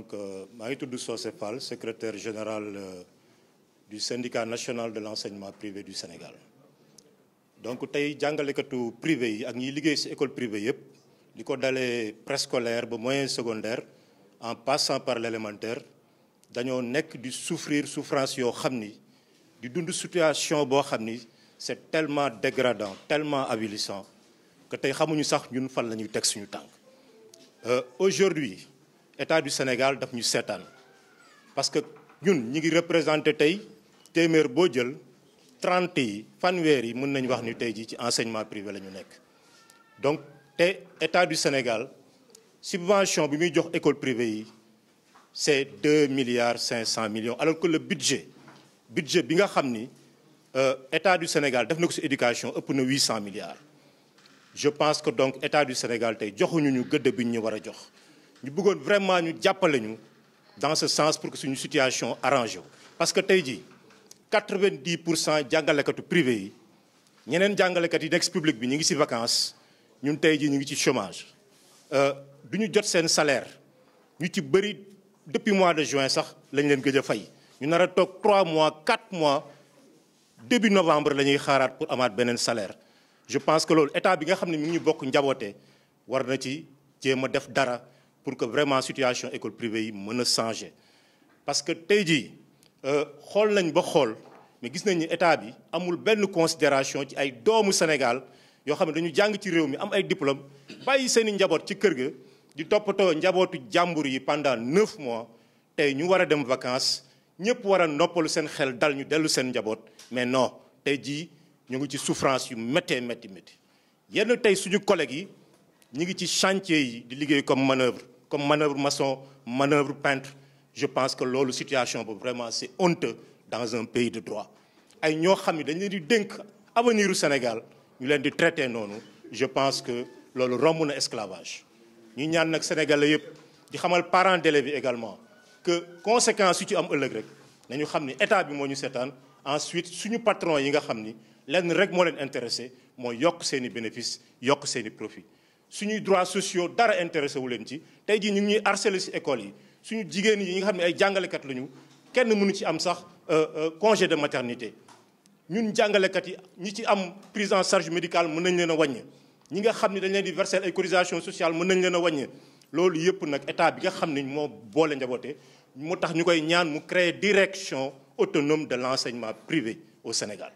donc euh, maa ngi tudd Socé Fall secrétaire général euh, du syndicat national de l'enseignement privé du Sénégal donc tey jàngalekatu privé yi ak ñiy liggéey ci école privée yëpp di ko dalee préscolaire ba moyen secondaire en passant par l'élémentaire dañoo nekk di souffrir souffrance yoo xam ni di dund situation boo xam ni c'est tellement dégradant tellement avilissant que tey xamuñu sax ñun fan la ñuy teg suñu tànk euh, aujourd'hui état du Sénégal daf ñu seetaan parce que ñun ñi ngi représenté tey téeméer boo jël trente yi fanweer yi mën nañu wax ni tey jii ci enseignement privé la ñu nekk. donc te état du Sénégal subvention bi muy jox école privée yi c'est deux milliards cinq cent millions alors que le budget budget bi nga xam ni euh, état du Sénégal def na ko si éducation ëpp na huit cent milliards. je pense que donc état du Sénégal tey joxuñu ñu gëdd bi ñu war a jox. ñu bëggoon vraiment ñu jàppale ñu dans ce sens pour que suñu situation arrangé parce que tey jii quatre-vingt-dix pour cent jàngalekatu privé yi ñeneen jàngalekat yi nekk public bi ñu ngi ci vacances ñun tey jii ñu ngi ci chômage. Euh, du ñu jot seen salaire ñu ci bëri depuis mois de juin sax lañ leen gëj a fay ñu nar a toog trois mois 4 mois début novembre la ñuy xaaraat pour amaat beneen salaire. je pense que loolu état bi nga xam ne mi ngi ñu bokk njaboote war na ci jéem a def dara. pour que vraiment situation école privée yi mën a changer parce que tey jii euh, xool nañ ba xool mais gis nañ ni état bi amul benn considération ci ay doomu Sénégal yoo xam ne dañu jàng ci réew mi am ay diplôme bàyyi seen i njaboot ci kër ga di toppatoo njabootu jàmbur yi pendant neuf mois tey ñu war a dem vacances ñëpp war a noppalu seen xel dal ñu dellu seen njaboot mais non tey jii ñu ngi ci souffrance yu méttee métti métti yenn tey suñu collègues yi ñu ngi ci chantier di liggéey comme manœuvre comme manœuvre maçon manœuvre peintre je pense que loolu situation boobu vraiment c'est honteux dans un pays de droit ay ñoo xam ne dañ leen di dénk avenir Sénégal ñu leen di traité noonu je pense que loolu romb na esclavage ñu ñaan nag sénégalais yëpp di xamal parents d'élèves bi également que conséquence yu ci am ëllëg rek nañu xam ni état bi moo ñu seetaan ensuite suñu patron yi nga xam ni lenn rek moo leen intéressé mooy yokk seeni bénéfice yokk seeni profit suñuy droits sociaux dara intéressé wu leen ci tey jii ñu ñuy harcelé si école yi suñu jigéen yi nga xam ne ay jàngalekat lañu kenn mënu ci am sax euh, euh, congé de maternité ñun jàngalekat yi ñi ci am prise en charge médical mën nañ leen a wàññi ñi nga xam ne dañ leen di verser ay cotisation sociale mën nañ leen a wàññi loolu yëpp nag état bi nga xam ne moo boole njaboote moo tax ñu koy ñaan mu créer direction autonome de l'enseignement privé au Sénégal